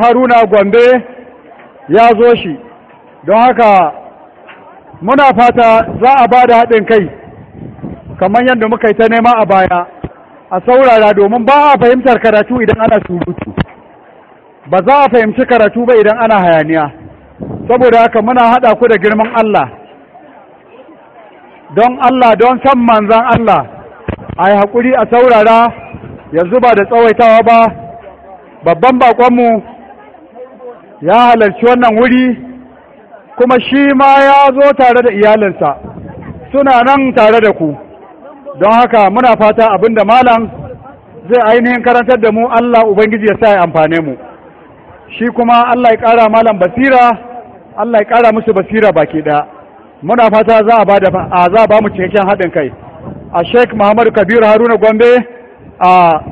haruna gombe ya zo shi don haka muna fata za a ba da haɗin kai kamar yadda muka yi ta nema a baya a saurara domin ba a fahimtar karatu idan ana surutu ba za a fahimci karatu ba idan ana hayaniya saboda haka muna haɗa ku da girman Allah don Allah don san manzan Allah a yi haƙuri a saurara yanzu ba da tsawaitawa ba babban baƙonmu ya halarci wannan wuri kuma shi ma ya zo tare da iyalinsa suna nan tare da ku don haka muna fata abinda malam zai ainihin karantar da mu Allah Ubangiji ya sa ya amfane mu shi kuma Allah ya ƙara malam basira Allah ya ƙara musu basira baki ɗaya muna fata za a ba a za a ba mu cikakken haɗin kai a Sheikh Muhammadu Kabiru Haruna Gombe a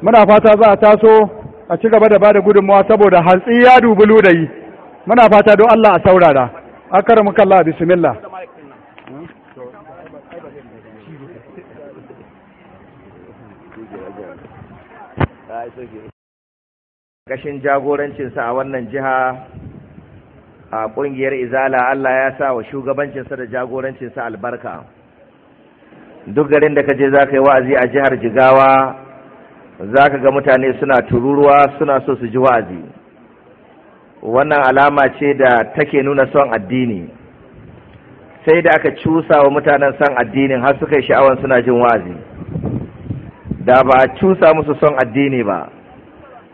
muna fata za a taso a ci gaba da bada gudunmawa saboda hantsi ya dubi ludayi muna fata don Allah a saurara kar muka Allah bismillah gashin jagorancinsa a wannan jiha a ƙungiyar izala Allah ya sa wa shugabancinsa da jagorancinsa albarka duk garin da ka je za ka yi wa'azi a jihar jigawa za ka ga mutane suna tururuwa suna so su ji wa'azi wannan alama ce da take nuna son addini sai da aka cusa wa mutanen son addinin har suka yi sha'awar suna jin wa'azi da ba a cusa musu son addini ba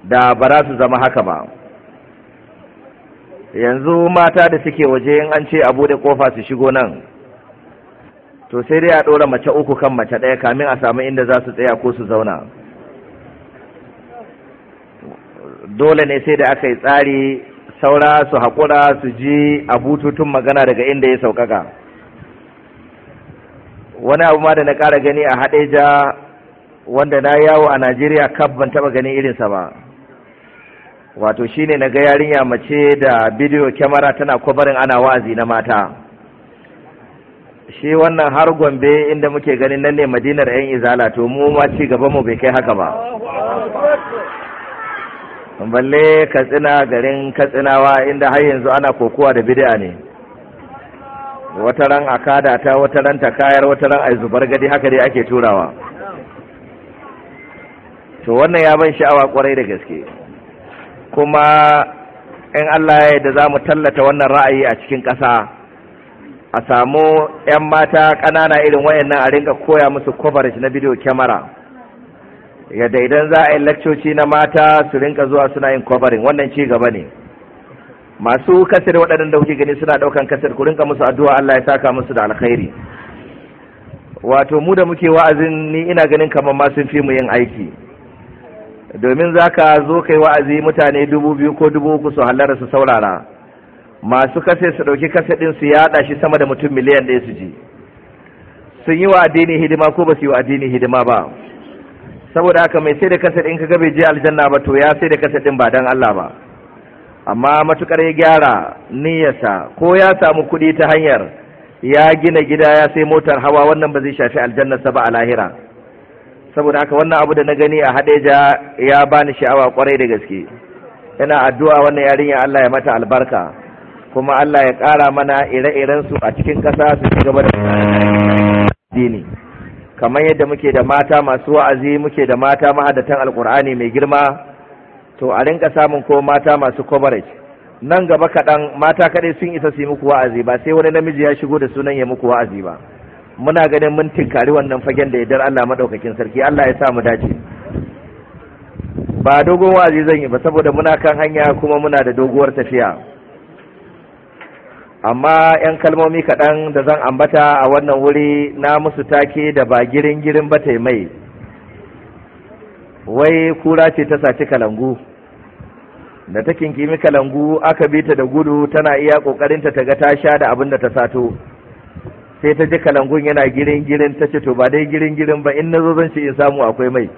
da ba za su zama haka ba yanzu mata da suke waje in an ce a bude kofa su shigo nan to sai dai a ɗora mace uku kan mace ɗaya kamin a samu inda za su tsaya ko su zauna dole ne sai da aka yi tsari saura su haƙura su ji a bututun magana daga inda ya sauƙaƙa wani abu ma da na ƙara gani a haɗeja wanda na yawo a najeriya kaf ban taɓa ganin irinsa ba wato shine na ga yarinya mace da bidiyo kyamara tana kwabarin ana wa'azi na mata shi wannan har gombe inda muke ganin nan ne madinar 'yan izala to mu ma ci gaba mu bai kai haka ba balle katsina garin katsinawa inda har yanzu ana kokowa da bid'a ne wata ran a ta wata ran ta kayar wata ran ai zubar gadi haka dai ake turawa to wannan ya ban sha'awa kwarai da gaske kuma in Allah ya yarda za mu tallata wannan ra'ayi a cikin ƙasa a samu 'yan mata ƙanana irin wayannan a rinka koya musu coverage na bidiyo kyamara yadda idan za a yi lakcoci na mata su rinka zuwa suna yin kwabarin wannan ci gaba ne masu kasar waɗannan kuke gani suna ɗaukan kasar ku rinka musu addu'a Allah ya saka musu da alkhairi wato mu da muke wa'azin ni ina ganin kamar ma sun fi mu yin aiki domin za ka zo kai wa'azi mutane dubu biyu ko dubu uku su hallara su saurara masu kase su ɗauki kasa ɗin su yaɗa shi sama da mutum miliyan ɗaya su ji sun yi wa addini hidima ko ba su yi wa addini hidima ba saboda haka mai sai da kasar in ka bai je aljanna ba to ya sai da kasar din ba dan Allah ba amma matukar ya gyara niyyarsa ko ya samu kuɗi ta hanyar ya gina gida ya sai motar hawa wannan ba zai shafi aljannarsa ba a lahira saboda haka wannan abu da na gani a hadeja ya bani sha'awa kwarai da gaske ina addu'a wannan yarinya Allah ya mata albarka kuma Allah ya ƙara mana ire su a cikin ƙasa su ci gaba da dini kamar yadda muke da mata masu wa'azi muke da mata mahadatan alkur'ani mai girma to a rinka samun ko mata masu coverage nan gaba kaɗan mata kaɗai sun isa su yi muku wa'azi ba sai wani namiji ya shigo da sunan ya muku wa'azi ba muna ganin mun tinkari wannan fagen da yardar Allah maɗaukakin sarki Allah ya sa mu dace ba dogon wa'azi zan yi ba saboda muna kan hanya kuma muna da doguwar tafiya amma 'yan kalmomi kaɗan da zan ambata a wannan wuri na musu take da ba girin girin ba ta mai wai kura ce ta saci kalangu da ta kinkimi kalangu aka bi ta da gudu tana iya ƙoƙarinta ta ga ta sha da abin da ta sato sai ta ji kalangun yana girin girin ta ce to ba dai girin girin ba in na zo zan ce in samu akwai mai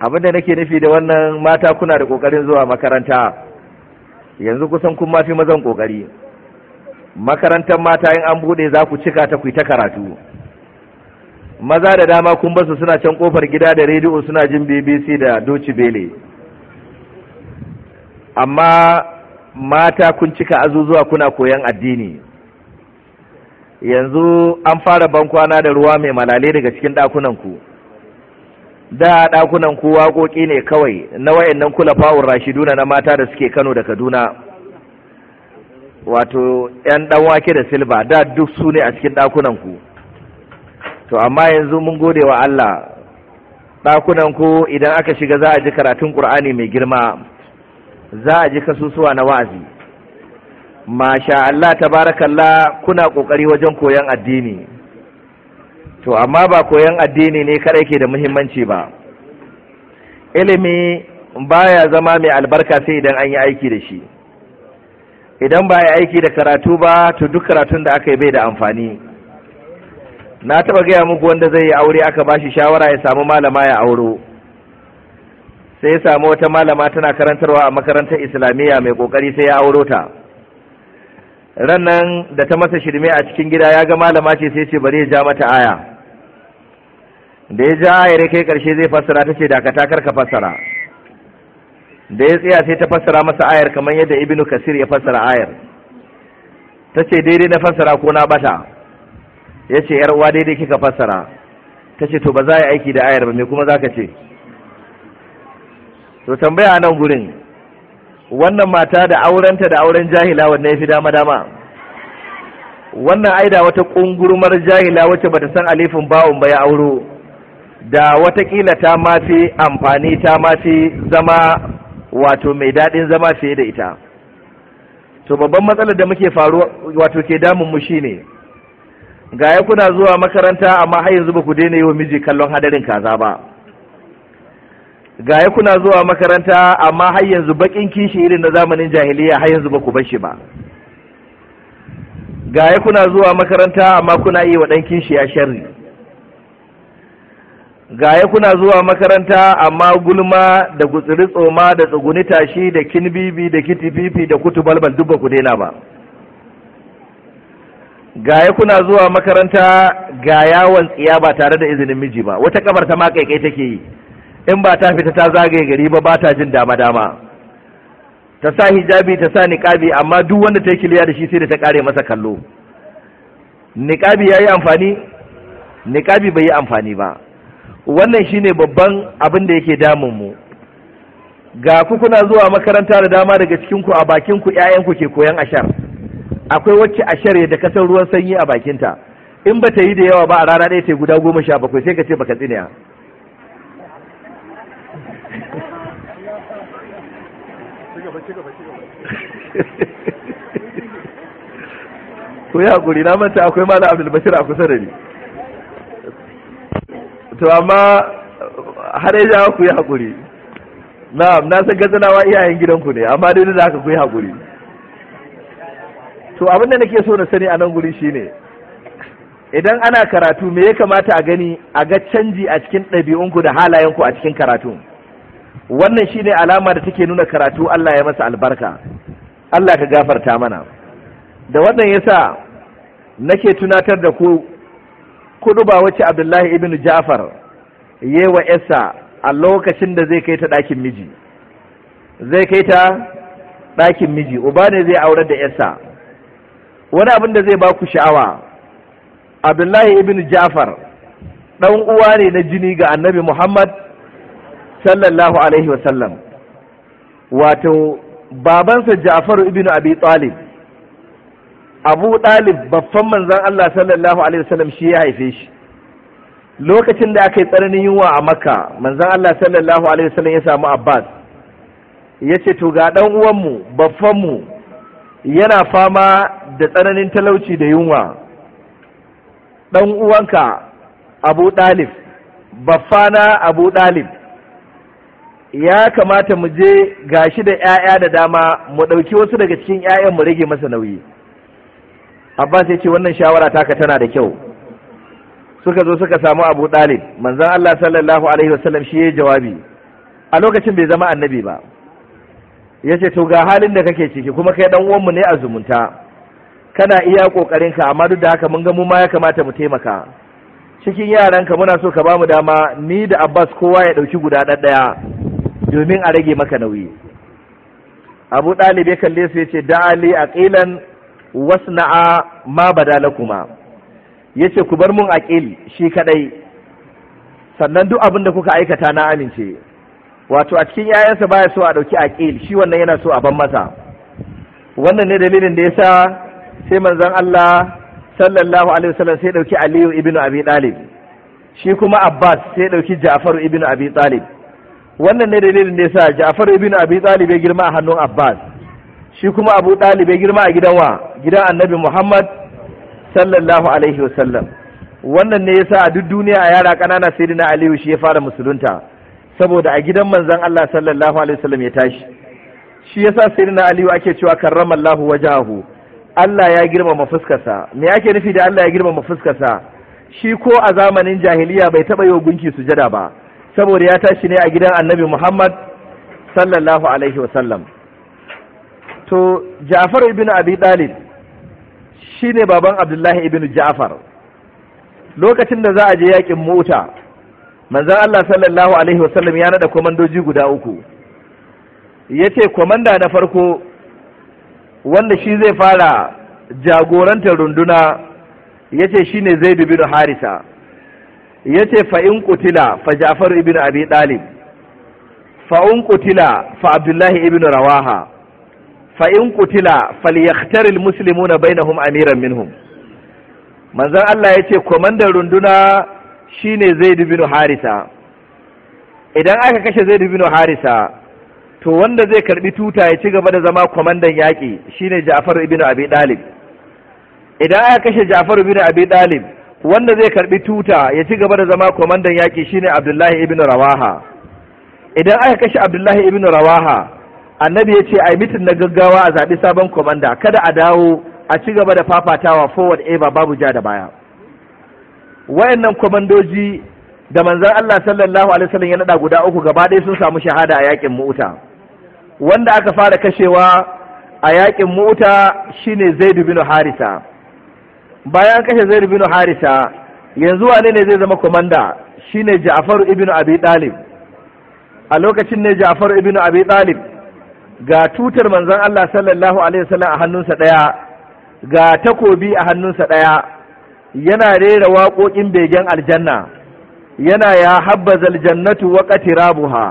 abin da nake nufi da wannan mata kuna da ƙoƙarin zuwa makaranta yanzu kusan kun mafi mazan kokari makarantar mata in an bude za ku cika ta kuita ta karatu maza da dama kun basu suna can kofar gida da rediyo suna jin bbc da doci bele amma mata kun cika azuzuwa kuna koyan addini yanzu an fara bankwana da ruwa mai malale daga cikin ɗakunanku ku da ɗakunan ku waƙoƙi ne kawai na wayannan kula fawar rashiduna na mata da suke kano da kaduna wato yan ɗan wake da silba da duk su ne a cikin ɗakunan ku to amma yanzu mun gode wa allah ɗakunan ku idan aka shiga za a ji karatun ƙur'ani mai girma za a ji kasusuwa na wa'azi masha allah tabarakallah kuna ƙoƙari wajen koyon addini to amma ba koyan addini ne kada yake da muhimmanci ba ilimi baya zama mai albarka sai idan an yi aiki da shi idan ba yi aiki da karatu ba to duk karatun da aka yi bai da amfani na taba gaya muku wanda zai yi aure aka bashi shawara ya samu malama ya auro sai ya samu wata malama tana karantarwa a makarantar islamiyya mai kokari sai ya auro ta ran nan da ta masa shirme a cikin gida ya ga malama ce sai ce bari ya ja mata aya da ya ja ya kai karshe zai fassara ta ce dakata kar ka fassara da ya tsaya sai ta fassara masa ayar kamar yadda ibnu kasir ya fassara ayar ta ce daidai na fassara ko na bata ya ce uwa daidai kika fassara ta ce to ba za a yi aiki da ayar ba me kuma za ka ce to tambaya nan gurin wannan mata da aurenta da auren jahila wanda ya fi dama dama wannan aida wata ƙungurmar jahila wacce bata san alifin bawon ba ya auro da watakila ta mafi amfani ta mafi zama wato mai daɗin zama fiye da ita to babban matsalar da muke faruwa wato ke damun mu shine ga ya kuna zuwa makaranta amma har yanzu ba ku daina yi wa miji kallon hadarin kaza ba ga ya kuna zuwa makaranta amma har yanzu bakin kishi irin na zamanin jahiliya har yanzu ba ku bar shi ba ga ya kuna zuwa makaranta amma kuna yi wa ɗan kishi ya sharri gaya kuna zuwa makaranta amma gulma da gutsiri tsoma da tsuguni tashi da kinbibi da kitififi da kutu balbal duk ba ku daina ba gaya kuna zuwa makaranta ga yawon tsiya ba tare da izinin miji ba wata kamar ta makaikai take yi in ba ta fita ta zagaye gari ba ba ta jin dama dama ta sa hijabi ta sa niqabi amma duk wanda ta yi kiliya da shi sai da ta kare masa kallo niqabi yayi amfani niqabi bai yi amfani ba wannan shine babban abin da yake damunmu ga ku kuna zuwa makaranta da dama daga cikinku a bakinku ku ke koyan ashar akwai wacce ashar da kasar ruwan sanyi a bakinta in ba ta yi da yawa ba a rana ɗaya ta guda goma sha bakwai sai ka ce baka tsiniya ku yi haƙuri na manta akwai malam abdul bashir a kusa da ni to amma har ya jawo ku yi haƙuri na'am na san gazanawa iyayen gidanku ne amma dai da aka ku yi haƙuri to abin da nake so na sani a nan guri shine idan ana karatu me ya kamata a gani a ga canji a cikin ɗabi'unku da halayenku a cikin karatu wannan shine alama da take nuna karatu Allah ya masa albarka Allah ka gafarta mana da wannan yasa nake tunatar da ku kudu ba wace abdullahi ibn ja'far yi wa yasa a lokacin da zai kai ta ɗakin miji zai kai ta ɗakin miji uba ne zai aurar da yasa? wani abin da zai ba ku sha'awa abdullahi ibn ja'far ɗan uwa ne na jini ga annabi muhammad sallallahu alaihi wasallam wato babansa ja'faru ibn abi talib abu ɗalib babban manzan Allah sallallahu alaihi wasallam shi ya haife shi lokacin da aka yi tsananin yunwa a makka manzan Allah sallallahu alaihi wasallam ya samu abbas ya ce to ga ɗan uwanmu babbanmu yana fama da tsananin talauci da yunwa ɗan uwanka abu ɗalib baffana abu ɗalib ya kamata mu je gashi da 'ya'ya da dama mu ɗauki wasu daga cikin 'ya'yan mu rage masa nauyi abbas ya ce wannan shawara taka tana da kyau suka zo suka samu abu dalib manzon allah sallallahu alaihi wasallam shi ya jawabi a lokacin bai zama annabi ba yace to ga halin da kake ciki kuma kai dan uwanmu ne a zumunta kana iya kokarin ka amma duk da haka mun ga mu ma ya kamata mu taimaka cikin yaranka muna so ka bamu dama ni da abbas kowa ya dauki guda ɗanɗaya domin a rage maka nauyi abu ɗalib ya kalle su ya ce da ali aqilan wasna'a ma badalakuma yace ku bar mun aqil shi kadai sannan duk abin da kuka aikata na amince wato a cikin yayansa baya so a dauki aqil shi wannan yana so a ban masa wannan ne dalilin da yasa sai manzon Allah sallallahu alaihi wasallam sai dauki Aliyu ibn Abi Talib shi kuma Abbas sai dauki Ja'far ibn Abi Talib wannan ne dalilin da yasa Ja'far ibn Abi Talib ya girma a hannun Abbas shi kuma abu ɗalibai girma a gidan wa gidan annabi muhammad sallallahu alaihi wasallam wannan ne yasa a duk duniya a yara ƙanana sai aliyu shi ya fara musulunta saboda a gidan manzan allah sallallahu alaihi wasallam ya tashi shi yasa sai na aliyu ake cewa karramallahu wajahu allah ya girmama fuskarsa me ake nufi da allah ya girmama fuskarsa shi ko a zamanin jahiliya bai taɓa yi wa gunki sujada ba saboda ya tashi ne a gidan annabi muhammad sallallahu alaihi wasallam to Ja'far ibn Abi dalil shine baban Abdullahi ibn Ja'far lokacin da za a je yakin mota manzo Allah sallallahu alaihi wasallam ya nada komandoji guda uku yace komanda na farko wanda shi zai fara jagorantar runduna yace shine Zaid ibn Harisa yace fa in qutila fa Ja'far ibn Abi Talib fa in fa Abdullahi ibn Rawaha fa in kutila falyaktaril muslimuna bainahum amiran minhum manzon Allah yace komandan runduna shine Zaid bin Harisa idan aka kashe Zaid bin Harisa to wanda zai karbi tuta ya ci gaba da zama kwamandan yaƙi shine Ja'far ibn Abi Dalib idan aka kashe Ja'far ibn Abi Dalib wanda zai karbi tuta ya ci gaba da zama kwamandan yaƙi shine Abdullahi ibn Rawaha idan aka kashe Abdullahi ibn Rawaha annabi ya ce a yi mitin na gaggawa a zaɓi sabon komanda kada a dawo a ci gaba da fafatawa forward eva babu ja da baya wayannan komandoji da manzan Allah sallallahu alaihi wasallam ya nada guda uku gaba ɗaya sun samu shahada a yakin mu'uta wanda aka fara kashewa a yakin mu'uta shine Zaid bin Harisa bayan kashe Zaid bin Harisa yanzu wane ne zai zama komanda shine jafaru ibn Abi Talib a lokacin ne jafaru ibn Abi Talib ga tutar manzon Allah sallallahu alaihi wasallam a hannunsa ɗaya ga takobi a hannunsa ɗaya yana rera waƙoƙin begen aljanna yana ya habbaza jannatu wa qatirabuha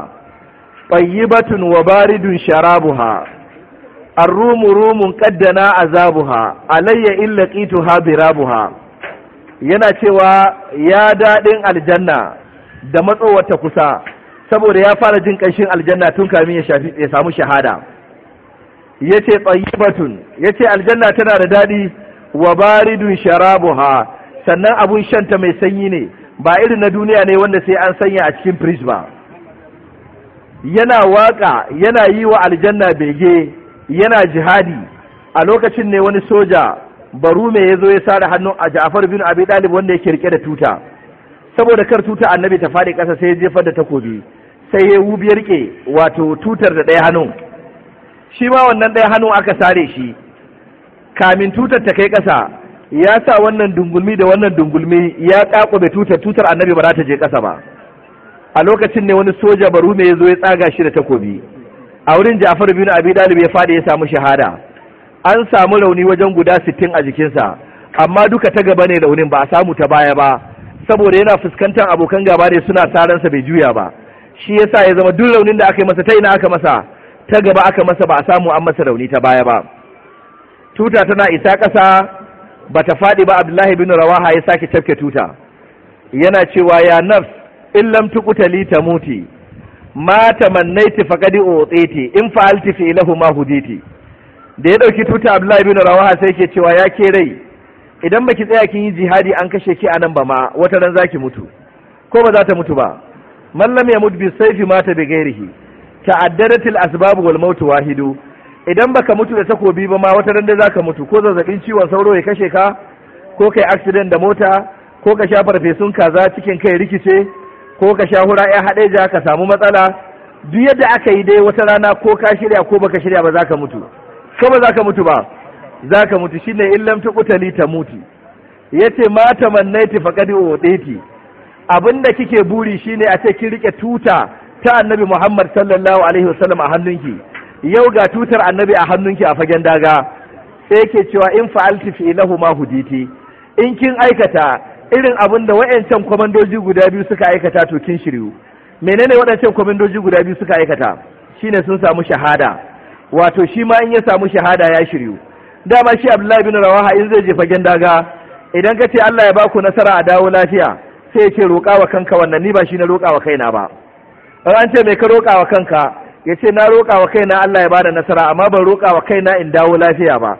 tayyibatun wa baridun sharabuha arrumu rumun qaddana azabuha alayya illa qituha birabuha yana cewa ya daɗin aljanna da ta kusa saboda ya fara jin ƙanshin aljanna tun kamin ya shafi ya samu shahada yace tayyibatun yace aljanna tana da daɗi wa baridun sharabuha sannan abun shanta mai sanyi ne ba irin na duniya ne wanda sai an sanya a cikin fridge ba yana waka yana yi wa aljanna bege yana jihadi a lokacin ne wani soja barume ya zo ya sada hannun a Ja'far bin Abi Talib wanda yake rike da tuta saboda kar tuta annabi ta faɗi ƙasa sai ya jefar da takobi sai ya wubi ya rike wato tutar da ɗaya hannu shi ma wannan ɗaya hannun aka sare shi kamin tutar ta kai ƙasa ya sa wannan dungulmi da wannan dungulmi ya ƙaƙube tutar tutar annabi ba za ta je ƙasa ba a lokacin ne wani soja baru ya zo ya tsaga shi da takobi a wurin ja'far bin abi dalib ya faɗi ya samu shahada an samu rauni wajen guda sittin a jikinsa amma duka ta gaba ne raunin ba a samu ta baya ba saboda yana fuskantar abokan gaba ne suna saransa bai juya ba shi yasa ya zama duk raunin da aka yi masa ta ina aka masa ta gaba aka masa ba a samu an masa rauni ta baya ba tuta tana isa ƙasa ba ta faɗi ba abdullahi bin rawaha ya sake tafke tuta yana cewa ya nafs in lam ta tamuti ma tamannaiti faqad utiti in fa'alti fi lahu ma huditi da ya ɗauki tuta abdullahi bin rawaha sai ke cewa ya ke rai idan baki tsaya kin yi jihadi an kashe ki anan ba ma wata ran zaki mutu ko ba za ta mutu ba man lam yamut bi sayfi mata bi ghairihi ta'addadatil asbab wal maut wahidu idan baka mutu da takobi ba ma wata randa zaka mutu ko zazzabin ciwon sauro ya kashe ka ko kai accident da mota ko ka sha farfesun kaza cikin kai rikice ko ka sha hura ya ja ka samu matsala duk yadda aka yi dai wata rana ko ka shirya ko baka shirya ba zaka mutu ko ba zaka mutu ba zaka mutu shine illam tuqtali tamuti yace ma tamannaiti faqad uditi abin da kike buri shine a ce kin rike tuta ta annabi Muhammad sallallahu alaihi wasallam a hannunki yau ga tutar annabi a hannunki a fagen daga sai ke cewa in fa'alti fi ma huditi in kin aikata irin abin da wayancan kwamandoji guda biyu suka aikata to kin shiryu menene waɗancan kwamandoji guda biyu suka aikata shine sun samu shahada wato shi ma in ya samu shahada ya shiryu dama shi Abdullahi bin Rawaha in zai je fagen daga idan ka ce Allah ya baku nasara a dawo lafiya sai ya roƙa wa kanka wannan ni ba shi na roƙa wa kaina ba in an ce mai ka roƙa wa kanka ya ce na roƙa wa kaina Allah ya bada nasara amma ban roƙa wa kaina in dawo lafiya ba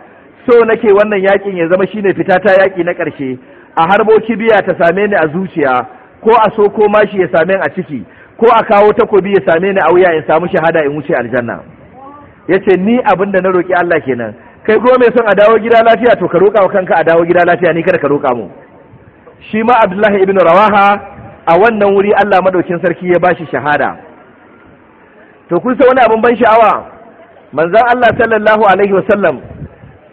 so nake wannan yakin ya zama shine fita ta yaƙi na ƙarshe a harbo kibiya ta same ni a zuciya ko a so ko mashi ya same ni a ciki ko a kawo takobi ya same ni a wuya in samu shahada in wuce aljanna yace ni abin da na roƙi Allah kenan kai kuma mai son a dawo gida lafiya to ka roƙa wa kanka a dawo gida lafiya ni kada ka roƙa mu shi ma abdullahi ibn rawaha a wannan wuri allah madaukin sarki ya bashi shahada to kun san wani abin ban sha'awa manzon allah sallallahu alaihi wasallam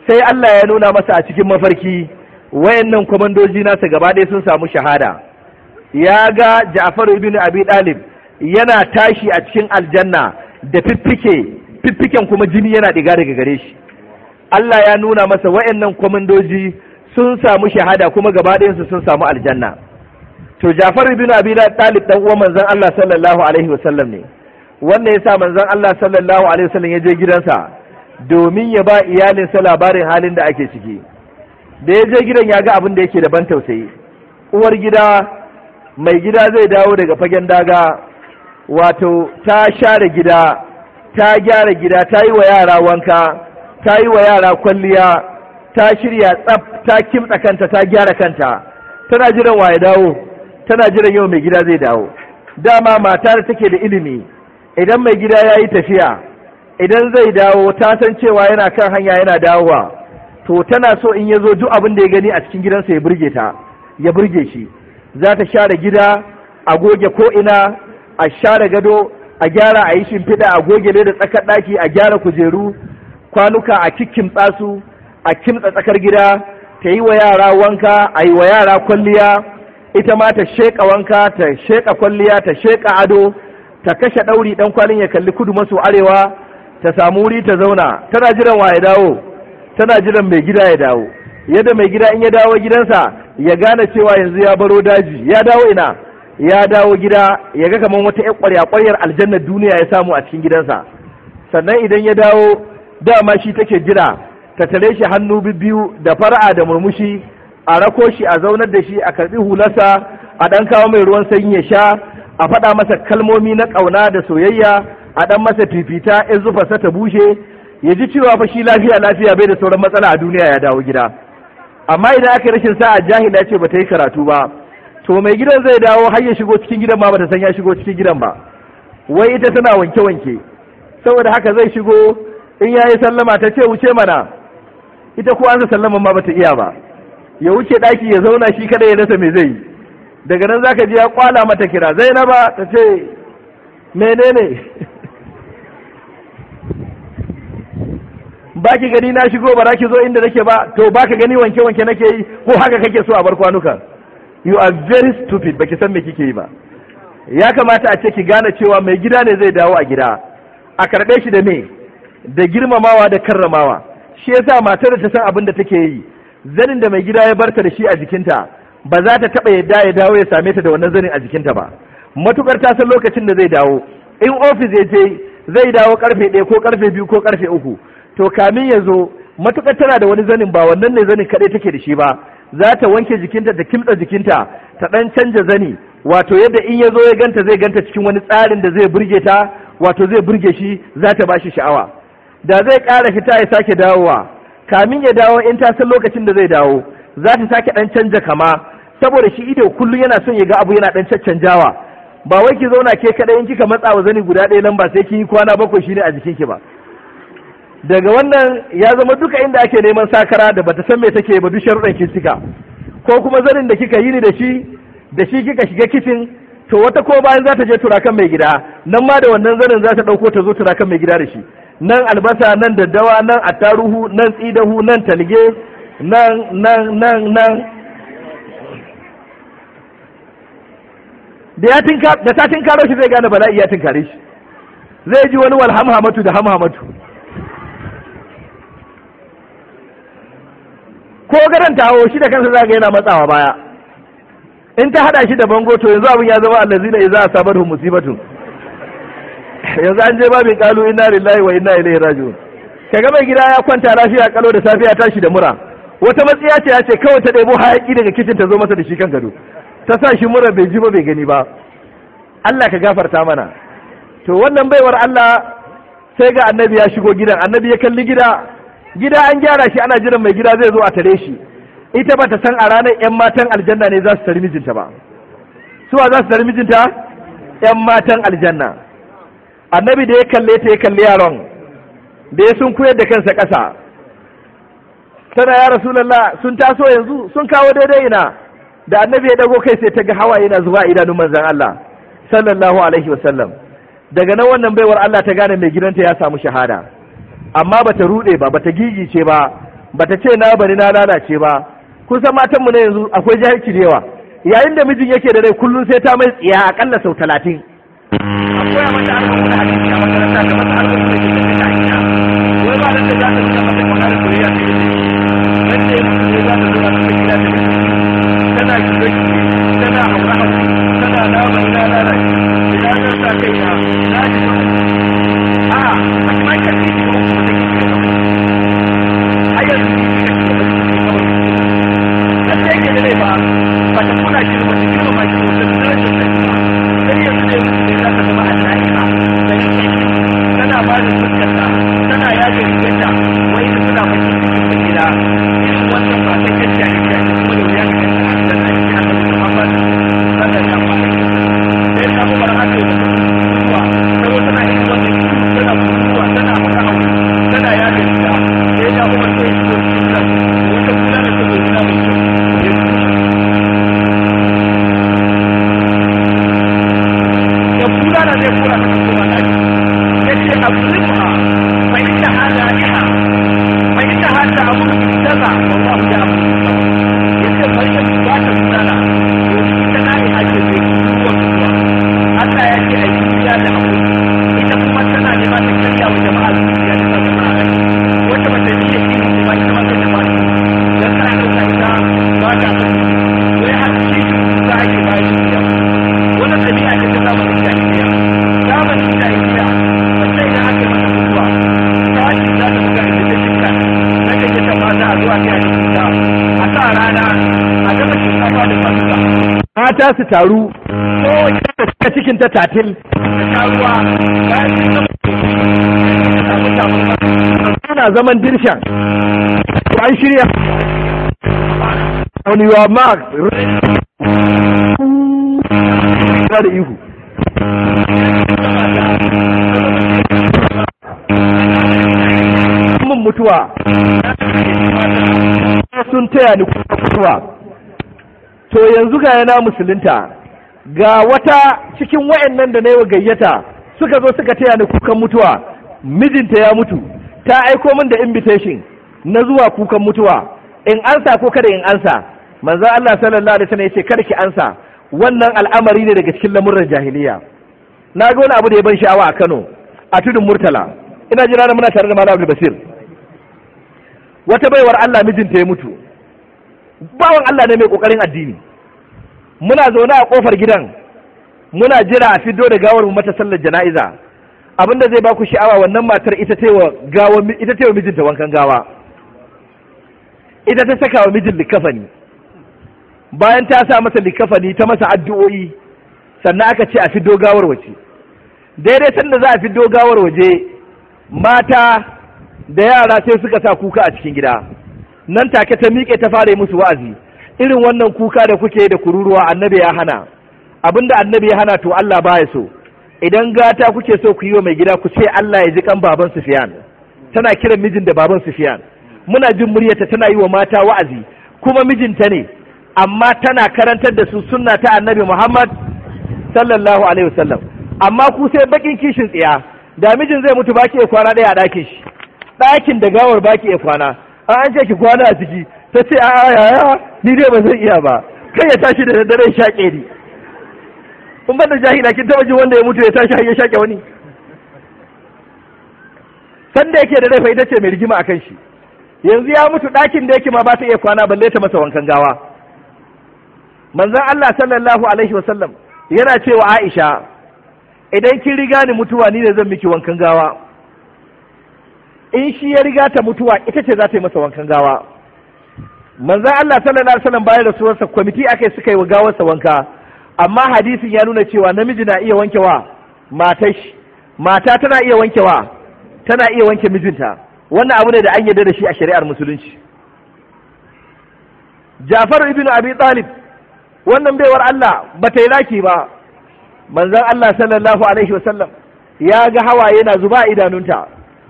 sai allah ya nuna masa a cikin mafarki wayannan kwamandoji nasa gaba ɗaya sun samu shahada ya ga ja'far ibn abi dalib yana tashi a cikin aljanna da fiffike fiffiken kuma jini yana diga daga gare shi Allah ya nuna masa wayannan kwamandoji sun samu shahada kuma gaba ɗayansu sun samu aljanna to Jafar ibn Abi Talib dan uwan manzon Allah sallallahu alaihi wasallam ne wannan yasa manzon Allah sallallahu alaihi wasallam ya je gidansa domin ya ba iyalinsa labarin halin da ake ciki da ya je gidan ya ga abin da yake da ban tausayi uwar gida mai gida zai dawo daga fagen daga wato ta share gida ta gyara gida ta yi wa yara wanka ta yi wa yara kwalliya ta shirya tsaf ta kimtsa kanta ta gyara kanta tana jiran wa dawo tana jiran yau mai gida zai dawo dama mata da take da ilimi idan mai gida ya yi tafiya idan zai dawo ta san cewa yana kan hanya yana dawowa to tana so in ya zo duk abin da ya gani a cikin gidansa ya burge ta ya burge shi za ta share gida a goge ko ina a share gado a gyara a yi shimfiɗa a goge da tsakar ɗaki a gyara kujeru kwanuka a kikkimtsa tsasu a kimtsa tsakar gida ta yi wa yara wanka a yi wa yara kwalliya ita ma ta sheƙa wanka ta sheƙa kwalliya ta sheƙa ado ta kashe ɗauri ɗan kwalin ya kalli kudu maso arewa ta samu wuri ta zauna tana jiran wa ya dawo tana jiran mai gida ya dawo yadda mai gida in ya dawo gidansa ya gane cewa yanzu ya baro daji ya dawo ina ya dawo gida ya ga kamar wata ƙwarya ƙwaryar aljannar duniya ya samu a cikin gidansa sannan idan ya dawo dama shi take jira ta tare shi hannu biyu da fara'a da murmushi a rako shi a zaunar da shi a karbi hulasa a ɗan kawo mai ruwan sanyi ya sha a faɗa masa kalmomi na ƙauna da soyayya a dan masa fifita in sa ta bushe ya ji cewa fa shi lafiya lafiya bai da sauran matsala a duniya ya dawo gida amma idan aka rashin sa'a jahila ce bata yi karatu ba to mai gidan zai dawo har ya shigo cikin gidan ma bata san ya shigo cikin gidan ba wai ita tana wanke wanke saboda haka zai shigo in yayi sallama ta ce wuce mana ita ko an sallama ma bata iya ba ya wuce daki ya zauna shi kada ya rasa me zai daga nan zaka ji ya kwala mata kira zainaba ta ce menene ba gani na shigo ba ki zo inda nake ba to ba gani wanke wanke nake yi ko haka kake so a bar kwanuka you are very stupid baki san me kike yi ba ya kamata a ce ki gane cewa mai gida ne zai dawo a gida a karbe shi da me da girmamawa da karramawa shi yasa matar da ta san abin da take yi zanin da mai gida ya barta da shi a jikinta ba za ta taba yadda ya dawo ya same ta da wannan zanin a jikinta ba matukar ta san lokacin da zai dawo in ofis ya je zai dawo karfe ɗaya ko karfe biyu ko karfe uku to kamin ya zo matukar tana da wani zanin ba wannan ne zanin kaɗai take da shi ba za ta wanke jikinta ta kimtsa jikinta ta ɗan canja zani wato yadda in ya zo ya ganta zai ganta cikin wani tsarin da zai burge ta wato zai burge shi za ta ba shi sha'awa da zai ƙara fita ya sake dawowa kamin ya dawo in ta san lokacin da zai dawo za ta sake ɗan canja kama saboda shi ido kullum yana son ya ga abu yana ɗan caccanjawa ba wai ki zauna ke kaɗai in kika matsa wa zani guda ɗaya nan ba sai kin yi kwana bakwai shine a jikinki ba daga wannan ya zama duka inda ake neman sakara da bata san me take ba duk sharuɗan kin cika ko kuma zanin da kika yi ni da shi da shi kika shiga kicin to wata ko bayan za ta je turakan mai gida nan ma da wannan zanin za ta ɗauko ta zo turakan mai gida da shi nan albasa nan daddawa nan attaruhu nan tsidahu nan talge nan nan nan nan da ya tinka da ta tinkaro shi zai gane bala'i ya tinkare shi zai ji wani walhamhamatu da hamhamatu ko tawo shi da kansa zaga yana matsawa baya in ta hada shi da bango to yanzu abin ya zama allazina idza asabatuhum musibatu yanzu an je babin kalu inna lillahi wa inna ilaihi raji'un kaga mai gida ya kwanta lafiya kalo da safiya tashi da mura wata matsiya ce ya ce kawai ta debo hayaki daga kicin ta zo masa da shi kan gado ta sa shi mura bai ji ba bai gani ba Allah ka gafarta mana to wannan baiwar Allah sai ga annabi ya shigo gidan annabi ya kalli gida gida an gyara shi ana jiran mai gida zai zo a tare shi ita ba ta san a ranar yan matan aljanna ne za su tari mijinta ba suwa za su tari mijinta yan matan aljanna annabi da ya kalle ta ya kalli yaron da ya sun koyar da kansa ƙasa tana ya rasulallah sun taso yanzu sun kawo daidai ina da annabi ya dago kai sai ta ga hawa yana zuwa idanun manzon Allah sallallahu alaihi wasallam daga nan wannan baiwar Allah ta gane mai gidanta ya samu shahada amma bata rude ba bata gigice ba bata ce na bari na lalace ba kusan matan mu na yanzu akwai jahilci da yawa yayin da mijin yake da rai kullun sai ta mai tsiya akalla sau talatin akwai abin da aka a makaranta da masu harkar ke ta hanya wai ba da za ta fita mata kwanar soyayya ta yi nan ce gida da tana shiga tana hawa tana dawo da lalace su taru ko da suka cikin ta tatil suna mm. zaman dirshan to mm. an shirya on your mark da mm. ihu mutuwa sun taya ni yanzu ga yana musulunta ga wata cikin wayannan da na yi wa gayyata suka zo suka taya ni kukan mutuwa mijinta ya mutu ta aiko min da invitation na zuwa kukan mutuwa in ansa ko kada in ansa manzan Allah sallallahu alaihi wasallam yace kada ki ansa wannan al'amari ne daga cikin lamuran jahiliya na ga wani abu da ya ban sha'awa a Kano a tudun Murtala ina jira da muna tare da Malam Abdul Basir wata baiwar Allah mijinta ya mutu bawan Allah ne mai kokarin addini muna zaune a ƙofar gidan muna jira a fiddo da gawar mu mata sallar jana'iza abinda zai baku sha'awa wannan matar ita ce wa gawa ita ce wa mijinta wankan gawa ita ta saka wa mijin likafani bayan ta sa masa likafani ta masa addu'o'i sannan aka ce a fiddo gawar waje daidai sanda za a fiddo gawar waje mata da yara sai suka sa kuka a cikin gida nan take ta miƙe ta fara musu wa'azi irin wannan kuka da kuke da kururuwa annabi ya hana abinda annabi ya hana to Allah baya so idan gata kuke so ku yi wa mai gida ku ce Allah ya ji kan baban Sufyan tana kiran mijin da baban Sufyan muna jin muryarta tana yi wa mata wa'azi kuma mijinta ne amma tana karantar da su sunna ta annabi Muhammad sallallahu alaihi wasallam amma ku sai bakin kishin tsiya da mijin zai mutu baki ya kwana daya a ɗakin shi ɗakin da gawar baki ya kwana an ce ki kwana a ciki ta ce a yaya ni dai ba zan iya ba kai ya tashi da daddare ya shaƙe ni kun bada jahila kin taba jin wanda ya mutu ya tashi har ya shaƙe wani sanda yake da rai ita ce mai rigima a kan shi yanzu ya mutu ɗakin da yake ma ba ta iya kwana balle ta masa wankan gawa manzon Allah sallallahu alaihi wasallam yana cewa Aisha idan kin riga ni mutuwa ni ne zan miki wankan gawa in shi ya riga ta mutuwa ita ce za ta yi masa wankan gawa manzon Allah sallallahu alaihi wasallam bayan rasuwarsa kwamiti akai suka yi gawarsa wanka amma hadisin ya nuna cewa namiji na iya wankewa shi mata tana iya wankewa tana iya wanke mijinta wannan abu ne da an yarda da shi a shari'ar musulunci Jafar ibn Abi Talib wannan baiwar Allah ba ta yi laki ba manzan Allah sallallahu alaihi wasallam ya ga hawaye yana zuba idanunta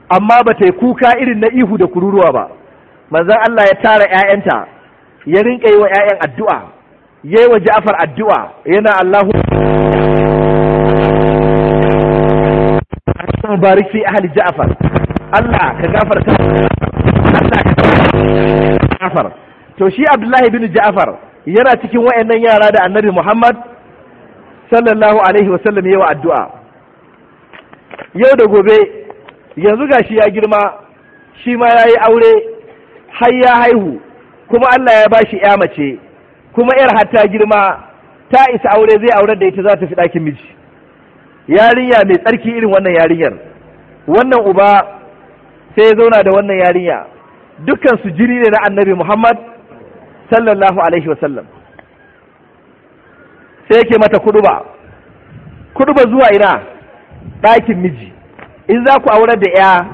amma ba ta yi kuka irin na ihu da kururuwa ba manzan Allah ya tara ƴaƴanta ya rinka yi wa ƴaƴan addu'a ya yi wa ja'afar addu'a yana Allahu mubarak fi ahli Ja'far Allah ka gafarta Allah ka Ja'far to shi Abdullahi bin Ja'far yana cikin wayannan yara da Annabi Muhammad sallallahu alaihi wa sallam wa addu'a yau da gobe yanzu gashi ya girma shi ma yayi aure har ya haihu kuma Allah ya bashi ya mace kuma yar hatta girma ta isa aure zai aure da ita za ta fi ɗakin miji yarinya mai tsarki irin wannan yarinyar wannan uba sai ya zauna da wannan yarinya dukkan su jiri ne na annabi Muhammad sallallahu alaihi wasallam sai yake mata kuduba kuduba zuwa ina ɗakin miji in za ku aurar da ya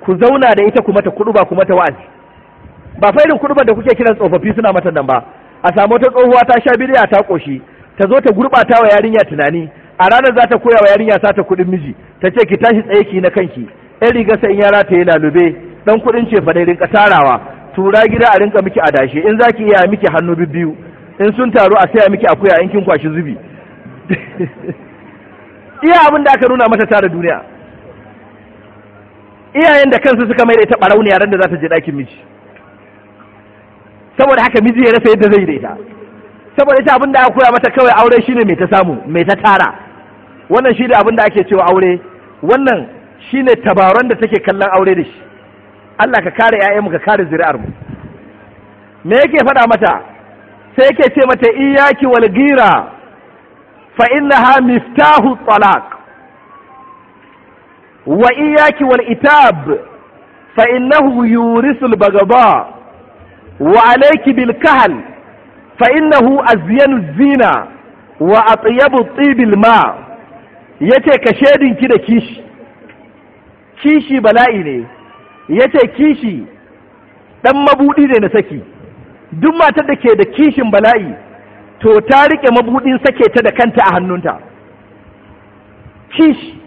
ku zauna da ita ku mata kuduba ku mata wa'azi ba fa irin da kuke kiran tsofaffi suna mata nan ba a samu ta tsohuwa ta sha bidiya ta koshi ta zo ta gurɓata wa yarinya tunani a ranar za ta koya wa yarinya sata kuɗin miji ta ce ki tashi tsaye ki na kanki yan riga sai yara ta yi lalube dan kuɗin ce faɗai rinka tarawa tura gida a rinka miki adashi in zaki ki iya miki hannu biyu in sun taru a saya miki akuya in kin kwashi zubi iya abin da aka nuna mata tara duniya iyayen da kansu suka mai da ita barauniya ran da za ta je ɗakin miji saboda haka miji ya rasa yadda zai daita saboda ita abin da aka koya mata kawai aure shine mai ta samu mai ta tara wannan shi da abin ake cewa aure wannan shine tabaron da take kallon aure da shi Allah ka kare ƴaƴanmu ka kare zuri'ar mu me yake faɗa mata sai yake ce mata iyaki wal gira fa innaha miftahu talaq wa iyaki wal itab fa innahu yurisul bagaba wa alayki bil kahal fa innahu azyanu zina wa atyabu tibil ma yace ka ki da kishi kishi bala'i ne yace kishi dan mabudi ne na saki duk matar da ke da kishin bala'i to ta rike mabudin sake ta da kanta a hannunta kishi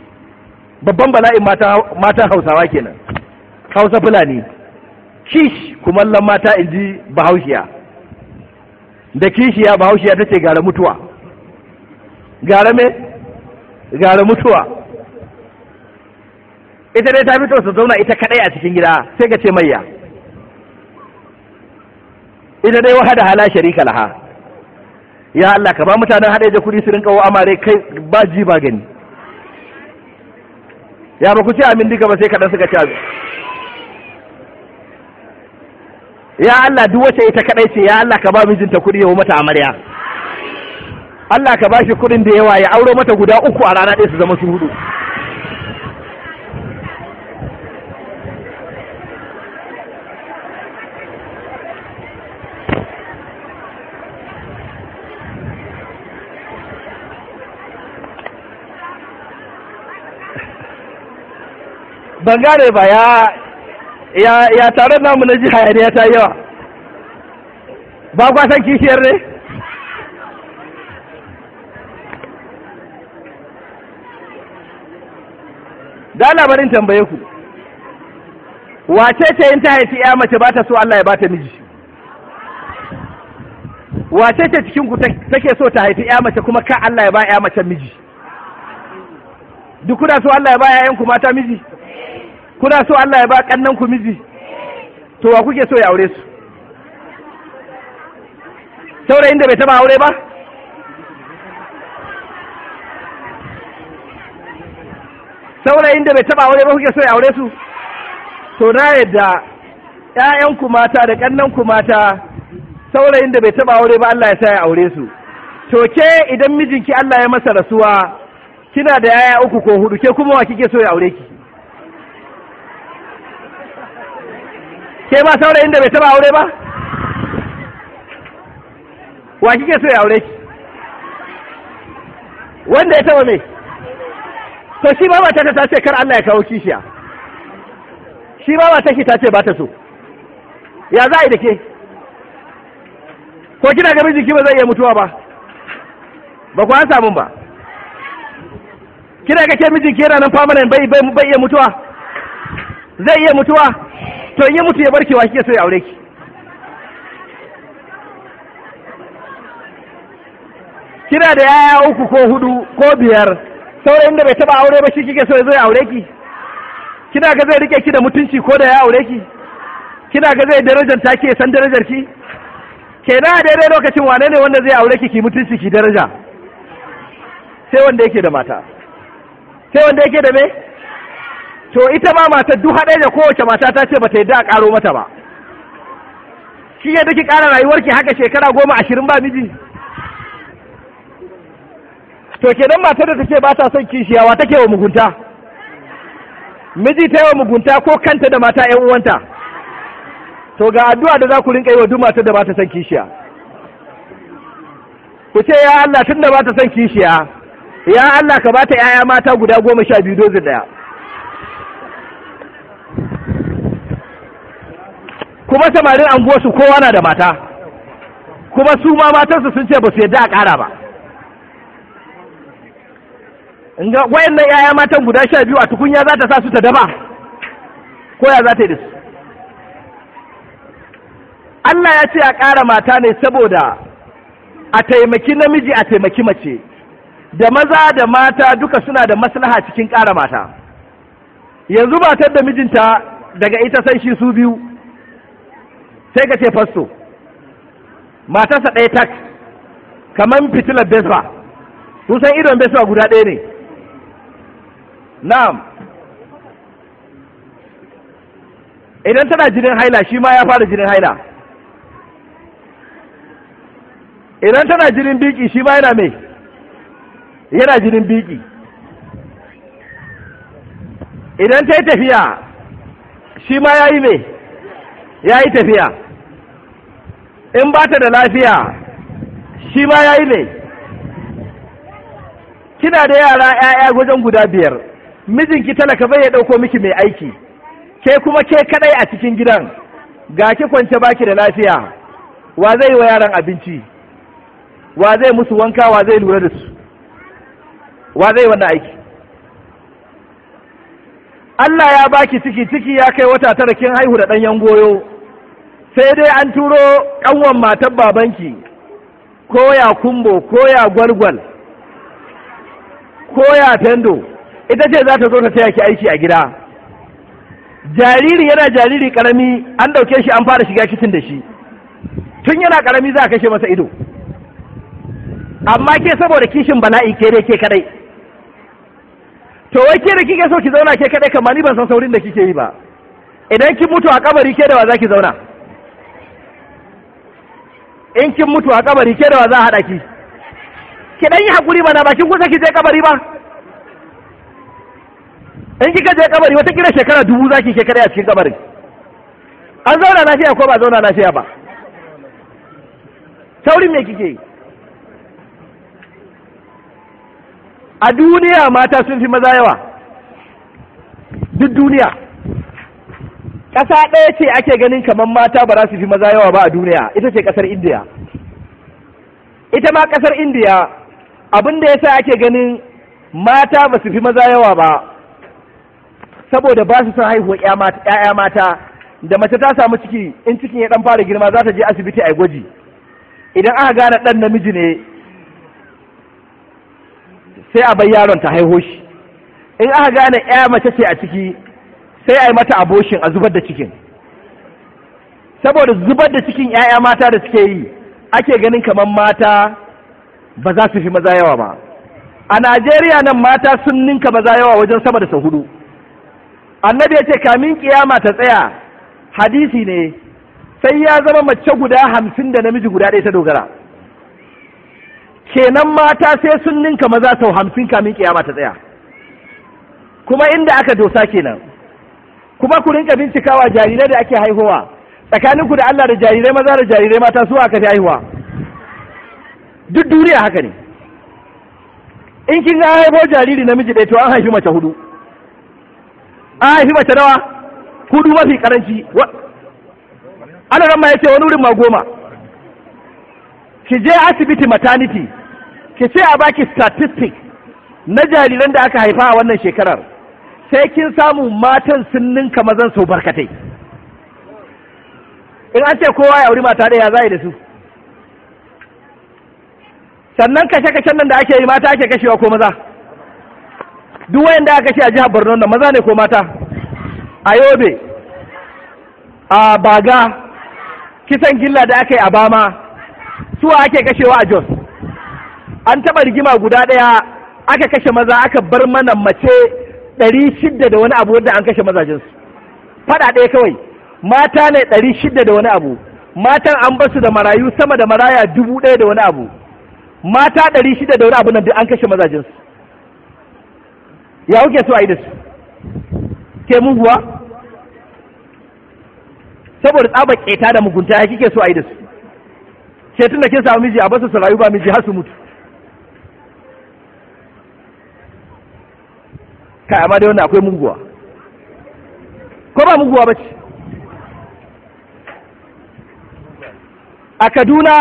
babban bala'in mata hausawa kenan hausa fulani shish kuma mata in ji bahaushiya da kishiya bahaushiya ta ce gara mutuwa gara me gara mutuwa ita dai ta fito su zauna ita kadai a cikin gida sai ka ce mayya ita dai wahada hala sharika laha ya Allah ka ba mutanen hada da kudi su rinka wa amare kai ba ji ba gani ya ba ku ce amin duka ba sai kaɗan suka ce ya Allah duk wacce ita kadai ce ya Allah ka ba mijinta kuɗi ya mata amarya Allah ka ba shi kuɗin da yawa ya auro mata guda uku a rana ɗaya su zama su hudu ban gane ba ya ya ya taron namu na ji hayaniya ta yawa ba kwa san kishiyar ne da labarin tambaye ku wace ce in ta haifi ya mace ba ta so Allah ya ba ta miji wace ce cikin ku take so ta haifi ya mace kuma ka Allah ya ba ya mace miji duk kuna so Allah ya ba ya yanku mata miji kuna so Allah ya ba kannan ku miji to wa kuke so ya aure su saurayin da bai taba aure ba saurayin inda bai taba aure ba kuke so ya aure su to na yadda ku mata da ƙannanku mata saurayin da bai taba aure ba Allah ya sa ya aure su to ke idan mijinki Allah ya masa rasuwa kina da yaya uku ko hudu ke kuma wa kike so ya aure ki ke ba saurayin da bai taba aure ba wa kike so ya aure ki wanda ya taba mai to shi ba mata ta ce kar Allah ya kawo kishiya shi ba mata ki ta ce ba ta so ya za a yi da ke ko kina gabin mijinki ba zai iya mutuwa ba ba ku an samun ba kina ga ke mijinki yana nan famanan bai iya mutuwa zai iya mutuwa to in yi mutu ya barkewa kike so ya aure ki kina da yaya uku ko hudu ko biyar saurayin da bai taba aure ba shi kike so ya zo ya aure ki kina ga zai rike ki da mutunci ko da ya aure ki kina ga zai darajar ta ke san darajar ki kenan a daidai lokacin wane ne wanda zai aure ki ki mutunci ki daraja sai wanda yake da mata sai wanda yake da me to ita ma matar duk haɗe da kowace mata ta ce ba ta yi a ƙaro mata ba shi yadda ki ƙara rayuwarki haka shekara goma ashirin ba miji to kenan matar da ta ce ba ta son kishiyawa ke wa mugunta miji ta yi wa mugunta ko kanta da mata ƴan uwanta to ga addu'a da za ku rinƙa yi wa duk matar da ba ta son kishiya ku ce ya Allah tun da ba ta son kishiya ya Allah ka ba ta ‘ya'ya mata guda goma sha biyu dozin ɗaya kuma samarin anguwarsu kowa na da mata kuma su ma matarsu sun ce ba su yadda a ƙara ba ga wayannan yaya matan guda sha biyu a tukunya za ta sa su ta daba ko ya za ta yi da su Allah ya ce a ƙara mata ne saboda a taimaki namiji a taimaki mace da maza da mata duka suna da maslaha cikin ƙara mata yanzu matar da mijinta daga ita sai shi su biyu sai ka ce fasto matarsa ɗaya tak kamar fitilar besra san idon besra guda ɗaya ne na'am idan tana jinin haila shi ma ya fara jinin haila idan tana jinin biki shi ma yana mai yana jinin biki idan ta yi tafiya shi ma ya yi mai ya yi tafiya in ba ta da lafiya shi ma ya yi ne kina da yara 'ya'ya wajen guda biyar mijinki talaka bai ya ɗauko miki mai aiki ke kuma ke kaɗai a cikin gidan ga ki kwance baki da lafiya wa zai wa yaran abinci wa zai musu wanka wa zai lura da su wa zai wannan aiki Allah ya baki ciki ciki ya kai wata tara kin haihu da ɗanyen goyo sai dai an turo ƙanwan matan babanki ko ya kumbo ko ya gwargwal ko ya fendo ita ce za ta zo ta taya ki aiki a gida jariri yana jariri karami an ɗauke shi an fara shiga kicin da shi tun yana karami za a kashe masa ido amma ke saboda kishin bala'i ke dai ke kadai to wai ke da kike so ki zauna ke kadai kamar ni ban san saurin da kike yi ba idan ki mutu a kabari ke da wa za ki zauna in kin mutu a kabari ke da wa za a haɗa ki ki ɗan yi hakuri ba na kin kusa ki je kabari ba in kika je kabari wata kira shekara dubu za ki shekara a cikin kabarin an zauna lafiya ko ba zauna lafiya ba saurin me kike yi a duniya mata sun fi maza yawa duk duniya ƙasa ɗaya ce ake ganin kamar mata ba za su fi maza yawa ba a duniya ita ce ƙasar indiya ita ma ƙasar indiya abin da ya sa ake ganin mata ba su fi maza yawa ba saboda ba su son haihuwa ‘ya'ya mata da mace ta samu ciki in cikin ya ɗan fara girma za ta je asibiti a gwaji idan aka gane ɗan namiji ne sai a bai yaron ta haiho shi in aka gane ‘ya mace ce a ciki sai a yi mata aboshin a zubar da cikin saboda zubar da cikin 'ya'ya mata da suke yi ake ganin kamar mata ba za su fi maza yawa ba a najeriya nan mata sun ninka maza yawa wajen sama da sau hudu annabi ya ce kamin kiyama ta tsaya hadisi ne sai ya zama mace guda hamsin da namiji guda ɗaya ta dogara kenan mata sai sun ninka maza sau hamsin kamin kiyama ta tsaya kuma inda aka dosa kenan kuma ku rinka bincikawa jarirai da ake haihuwa ku da Allah da jarirai maza da jarirai mata su aka fi haihuwa duk duniya haka ne in kin ga haifo jariri namiji ɗaya to an haifi mace hudu an haifi mace nawa hudu mafi karanci ana ran ma yace wani wurin ma goma ki je asibiti maternity ki ce a baki statistic na jariran da aka haifa a wannan shekarar sai kin samu matan sun ninka mazan sau barkatai in an ce kowa ya auri mata ɗaya za da su sannan kashe-kashen nan da ake yi mata ake kashewa ko maza duk wayan da aka kashe a jihar borno nan maza ne ko mata a yobe a baga kisan gilla da aka yi a bama su ake kashewa a jos an taɓa rigima guda ɗaya aka kashe maza aka bar mana mace ɗari shidda da wani abu wanda an kashe mazajensu faɗa ɗaya kawai mata ne ɗari shidda da wani abu matan an basu da marayu sama da maraya dubu ɗaya da wani abu mata ɗari shida da wani abu nan duk an kashe mazajensu ya kuke so a yi da su ke mun kuwa saboda tsaba ƙeta da mugunta ya kike so a yi da su ke tun da kin samu miji a basu su rayu ba miji har su mutu kai amma dai wannan akwai muguwa ko ba muguwa ba ce a kaduna